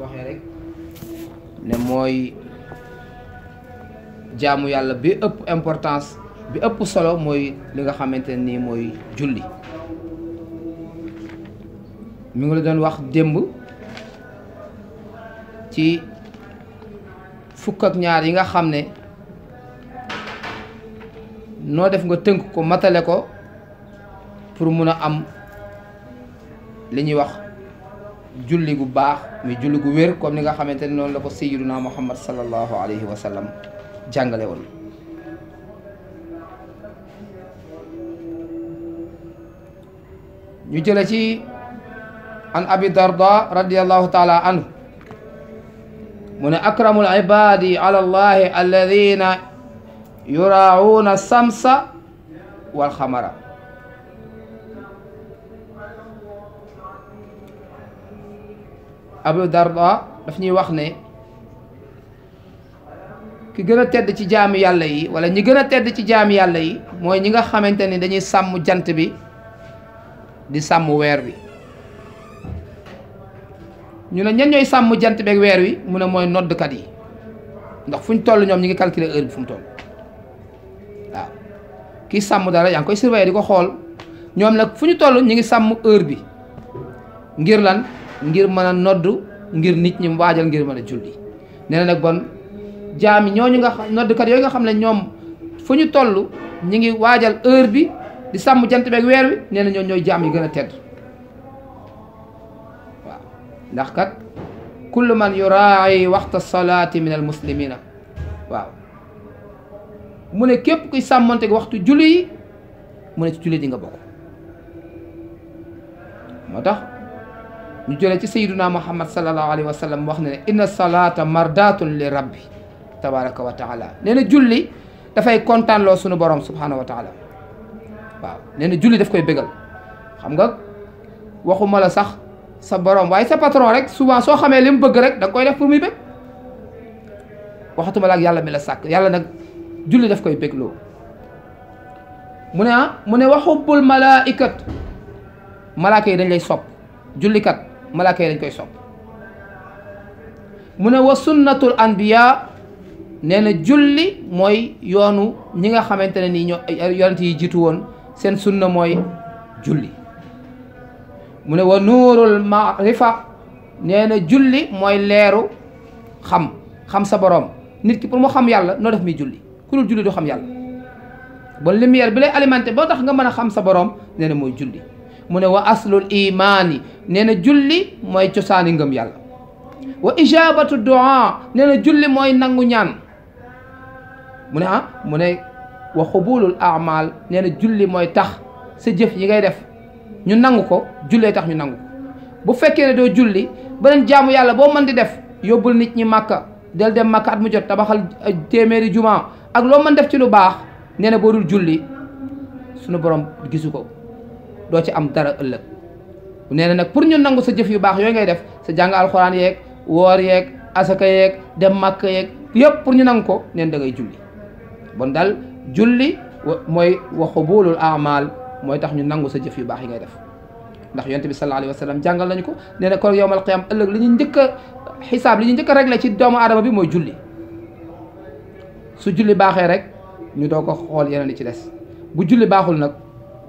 waxee rek ne mooy jaamu yàlla bi ëpp importance bi ëpp solo mooy li nga xamante ne nii mooy julli mu ngi la doon wax démb ci fukk ak ñaar yi nga xam ne noo def nga tënk ko matale ko pour mun a am li ñuy wax julli gu baax muy julli gu wér comme ni nga xamante ne noonu la ko sayyiduna muhammad sallallahu alayhi wa sallam jàngale woon ñu jële ci an abi darda radiallahu taala anhu mu ne akramul ibadi ala allahi alladina yuraawuna samsa wal xamara ab darda daf ñuy wax ne ki gën a tedd ci jaamu yàlla yi wala ñi gën a tedd ci jaam yàlla yi mooy ñi nga xamante ni dañuy sàmm jant bi di sàmm weer bi ñu ne ñan ñooy sàmm jant beeg weer wi mu ne mooy noddkat yi ndax fu toll ñoom ñi ngi calculer heure bi fu mu toll waaw kii sàmm dara yaa ngi koy surveiller di ko xool ñoom nag fu ñu toll ñi ngi sàmm heure bi ngir lan ngir mën a noddu ngir nit ñi waajal ngir mën a julli nee na nag bon jaami ñooñu nga noddkat yooyu nga xam ne ñoom fu ñu toll ñu ngi waajal heure bi di sàmm jant beeg weer wi nee na ñooy jaam yi gën a tedd waaw ndax kat kullu man yuraayi waxta salaati min al muslimina waaw mu ne képp kuy sàmmanteeg waxtu julli yi mu ne ci julli di nga bokk moo tax ñu jëlee ci sayyiduna muhammad sallallahu alayhi wa sallam wax ne ne inna salata mardatun li rabbi tabaraka wa taala julli dafay kontaanloo suñu borom subhanahu wa taala waaw nee julli daf koy bégal xam nga waxuma la sax sa borom waaye sa patron rek souvent soo xamee li mu bëgg rek da nga koy def pour muy bég waxatuma la yàlla mi la sàkk yàlla nag julli daf koy bégloo mu ne ah mu ne wa xubbul malaa'ikat yi dañ lay sopp jullikat malaaka yi dañ koy sopp mu ne wa sunnatul anbiya nee na julli mooy yoonu ñi nga xamante ne nii ñoo yonent yi jiitu woon seen sunna mooy julli mu ne wa nuurul maarifa nee na julli mooy leeru xam xam sa nit ki pour mu xam yàlla noo def muy julli ku dul julli du xam yàlla bon lumière bi lay alimenté boo tax nga mën a xam sa boroom nee mooy julli mu ne wa aslul imaani nee na julli mooy cosaani ngëm yàlla wa ijabatu du'a nee na julli mooy nangu ñaan mu ne ah mu ne wa xubulul amal nee na julli mooy tax sa jëf yi ngay def ñu nangu ko jullee tax ñu nangu bu fekkee ne doo julli beneen jaamu yàlla boo mën di def yóbbul nit ñi màkka del dem màkka at mu jot tabaxal eh, téeméeri juma ak loo mën def ci lu baax nee na boo dul julli sunu borom gisu ko doo ci am dara ëllëg nee na nag pour ñu nangu sa jëf yu baax yooyu ngay def sa jàng alxuraan yeeg woor yeeg asaka yeeg dem màkk yeeg yëpp pour ñu nangu ko neen da ngay julli bon dal julli mooy wa xubulul amal mooy tax ñu nangu sa jëf yu baax yi ngay def ndax yonent bi sa alayhi wa sallam jàngal nañu ko nee na ko yowmal qiyam ëllëg li ñu njëkk a xisaab li ñu njëkk a réglé ci doomu aadama bi mooy julli su julli baaxee rek ñu doo ko xool yeneen li ci des julli baaxul nag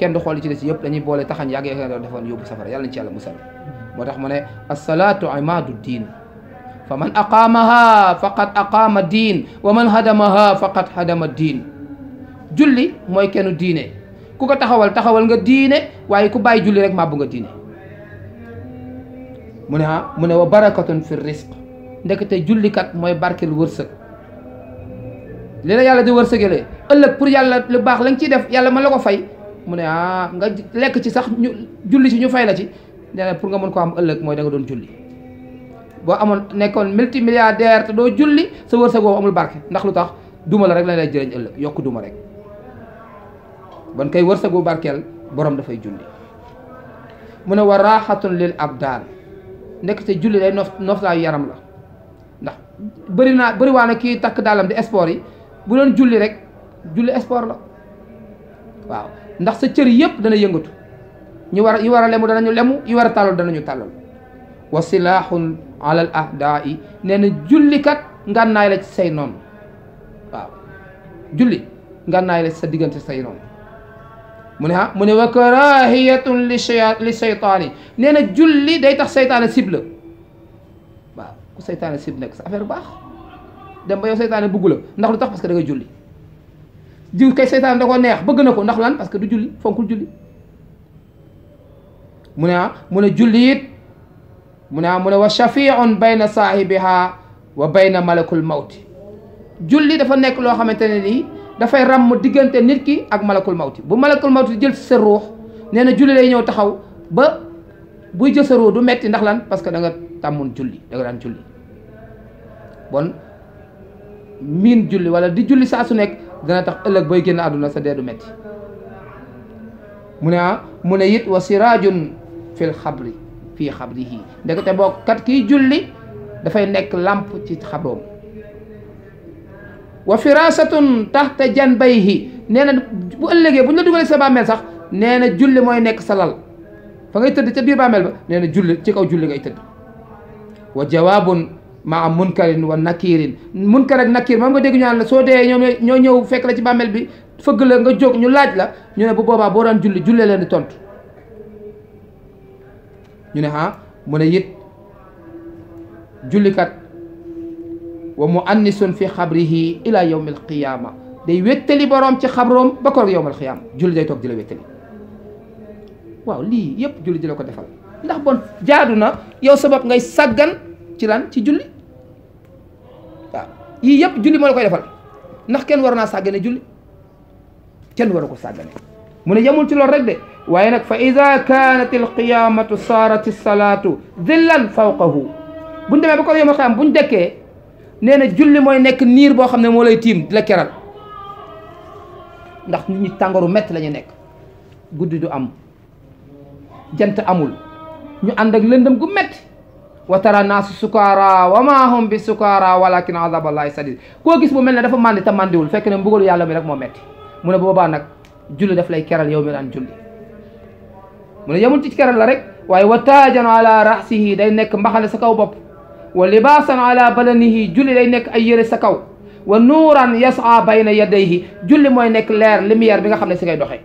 kenn du xool li ci des yëpp dañuy boole taxañ yàgg yàgg doon defoon yóbbu safara yàlla nañ ci yàlla musal moo tax mu ne asalaatu imaadu diin fa man aqaamaha faqad aqaama diin wa man hadamaha faqad hadama diin julli mooy kennu diine ku ko taxawal taxawal nga diine waaye ku bàyyi julli rek bu nga diine mu ne ah mu ne wa barakatun fi risq ndekete jullikat mooy barkeel wërsëg li la yàlla di wërsëgalee ëllëg pour yàlla lu baax la nga ciy def yàlla mën la ko fay mu ne ah nga lekk ci sax ñu julli ci ñu fay la ci nee pour nga mën ko am ëllëg mooy da doon julli boo amoon nekkoon multimilliardaire te doo julli sa wërsëg amul barke ndax lu tax duma la rek lañ lay jëriñ ëllëg yokk duma rek bon kay wërsëg bu barkeel borom dafay julli mu ne wa raaxatun lil abdaan nekk te julli day nof noflaayu yaram la ndax bëri naa bëri na kii takk daalam di sport yi bu doon julli rek julli sport la waaw ndax sa cër yëpp dana yëngatu ñu war yu war a lemu danañu lemu yu war a tàllal danañu tàllal wa silahun ala ahdaai nee na jullikat ngànnaay la ci say noonu waaw julli la sa diggante say noonu mu ne ah mu ne wa karahiyatun li li nee na julli day tax seytaane sib la waaw ku seytaane sib nekk sa affaire bu baax dem ba yow seytaane bugg la ndax lu tax parce que julli diw kay seytaan da ko neex bëgg na ko ndax lan parce que du julli fonkul julli mu ne ah mu ne julli it mu ne ah mu ne wa shafiun bayna saahibiha wa bayna malakul mawti julli dafa nekk loo xamante ne nii dafay ràmm diggante nit ki ak malakul mawti bu malakul mawti jël sa ruux nee na julli lay ñëw taxaw ba buy jël sa ruux du metti ndax lan parce que da nga tàmmoon julli da nga daan julli bon miin julli wala di julli saa su nekk dana tax ëllëg booy génn àdduna sa dee du metti mu ne ah mu ne it wa siraajun fil xabri fii xabrihi ndekete boo kat kiy julli dafay nekk làmp ci xabroom wa firasatun taxta janbayhi nee na bu ëllëgee bu ñu la dugalee sa bàmmeel sax nee na julli mooy nekk sa lal fa ngay tëdd ca biir bàmmeel ba nee na julli ci kaw julli ngay tëdd wa jawaabun maa munkarin wa nakirin munkar ak nakir moom nga dégg ñu naan soo dee ñoom ñoo ñëw fekk la ci bàmmeel bi fëgg la nga jóg ñu laaj la ñu ne bu boobaa boo daan julli jullee leen di ñu ne ah mu ne it jullikat wa mu annisun fi xabrihi yow yawmil qiyaama day wéttali boroom ci xabroom ba koor yawmal qiyaama julli day toog di la wéttali waaw lii yëpp julli di la ko defal ndax bon jaadu na yow sabab ngay sàggan ci lan ci julli waaw yii yëpp julli moo la koy defal ndax kenn war naa sàggane julli kenn waru ko sàggane mu ne yemul ci loolu rek de waaye nag fa ida kanat alqiyamatu saarat alsalaatu dillan fawqahu buñ demee ba dekkee nee na julli mooy nekk niir boo xam ne moo lay tiim di la keral ndax nit ñi tàngooru métti lañuy nekk guddi du am jant amul ñu ànd ak lëndëm gu métti wa tara naasu sukaara wa maa hum bi sukaara walakin azaballahi sadid koo gis mu mel ne dafa màndi te màndiwul fekk ne mbugalu yàlla mi rek moo metti mu ne boobaa nag julli daf lay keral yow mi daan julli mu ne yemul ci keral la rek waaye wa taajan ala rasihi day nekk mbaxane sa kaw bopp wa libaasan ala badanihi julli day nekk ay yére sa kaw wa nuuran yasa bayna yadayhi julli mooy nekk leer lumière bi nga xam ne si kay doxee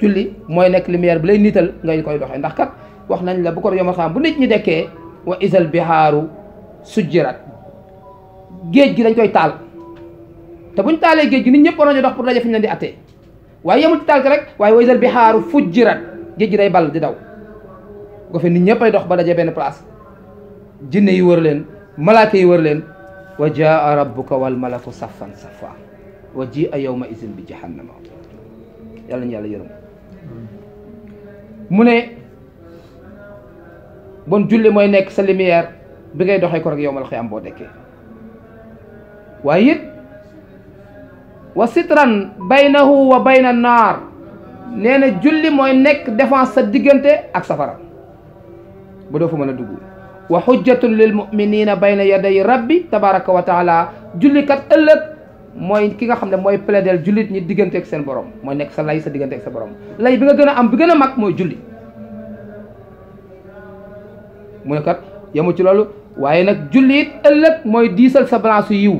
julli mooy nekk lumière bi lay niital ngay koy doxee ndax wax nañ la bu ko yomal xam bu nit ñi dekkee wa isal bihaaru sujjirat géej gi dañ koy taal te buñ taalee géej gi nit ñëpp war nañu dox pour daje fi ñu leen di ate waaye yemul ci taal gi rek waaye wa isal bihaaru fujjirat géej gi day bal di daw go fe nit ñëpp ay dox ba daje benn place jinne yi wër leen malaaka yi wër leen wa jaa rabbuka wal malaku saffan saffa wa ji a yawma izin bi jahannama yàlla ñu yàlla yërëm mu ne bon julli mooy nekk sa lumière bi ngay doxee ko rek yow mal xëy am boo dekkee waaye it wa sitran baynahu wa bayna naar nee na julli mooy nekk défense sa diggante ak safara ba doo fa mën a dugg wa xujjatun lil muminina bayna yaday rabbi tabaraka wa taala jullikat ëllëg mooy ki nga xam ne mooy plaidel jullit ñi diggante ak seen borom mooy nekk sa lay sa diggante sa borom lay bi nga gën a am bi gën a mag mooy julli mu ne kat yemu ci loolu waaye nag julli it ëllëg mooy diisal sa balance yu yiw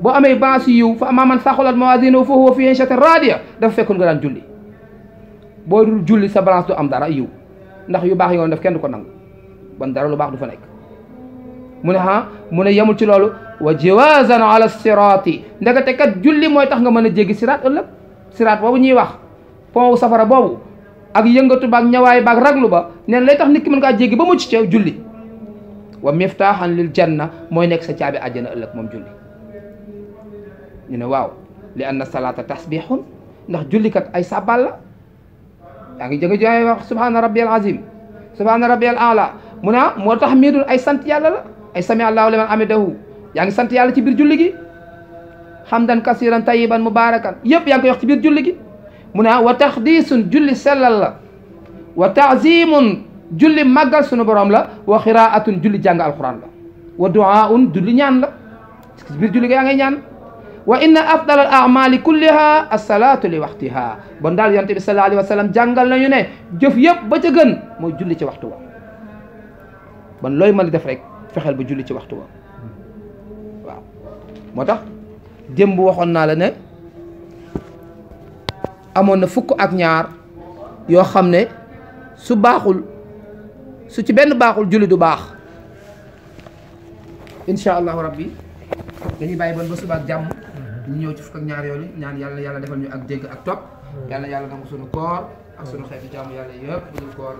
boo amee balance yu yiw fa amaa man saxulat mawaazinu fa huwa fi ishatin raadiya dafa fekkoon nga daan julli boo dul julli sa balance du am dara yiw ndax yu baax yoon def kenn ko nangu ban dara lu baax du fa nekk mu ne ah mu ne yemul ci loolu wa jiwaazan ala siraati ndekete kat julli mooy tax nga mën a jéggi siraat ëllëg siraat boobu ñuy wax pont safara boobu ak yëngatu baak ñawaay baak raglu ba neen lay tax nit mën kaa jéggi ba mucc ca julli wa miftaaxan lil janna mooy nekk sa caabi àjjana ëllëg moom julli ñu ne waaw li anna salaata tasbixun ndax jullikat ay sàbbal la yaa ngi jënga joxe wax subhaana rabbiyal azim subhaana rabbiyal ala mu ne ah, moo tax miidul ay sant yàlla la ay sami allahu liman amidahu yaa ngi sant yàlla ci biir julli gi hamdan kasiran tayiban mubarakan yëpp yaa ngi koy ci biir julli gi mu ne ah, wa taxdiisun julli sellal la wa taazimun julli màggal sunu borom la wa xiraatun julli jàng alquran la wa duaun julli ñaan la biir julli yaa ngay ñaan wa inna afdal al amali kulliha assalaatu li waxtiha bon daal yonte bi sallallahu alayhi wa sallam jàngal nañu ne jëf yëpp ba ca gën mooy julli ci waxtu wa bon looy mën a def rek fexeel ba julli ci waxtu wa waaw moo tax démb waxoon naa la ne amoon na fukk ak ñaar yoo xam ne su baaxul su ci benn baaxul julli du baax incha allahu rabbi dañuy bàyyi ban ba suba ak jàmm ñu ñëw ci fukk ak ñaar yooyu ñaan yàlla yàlla defal ñu ak dégg ak topp yàlla yàlla nangu suñu koor ak suñu xeetu jàmm yàlla yëpp budul koor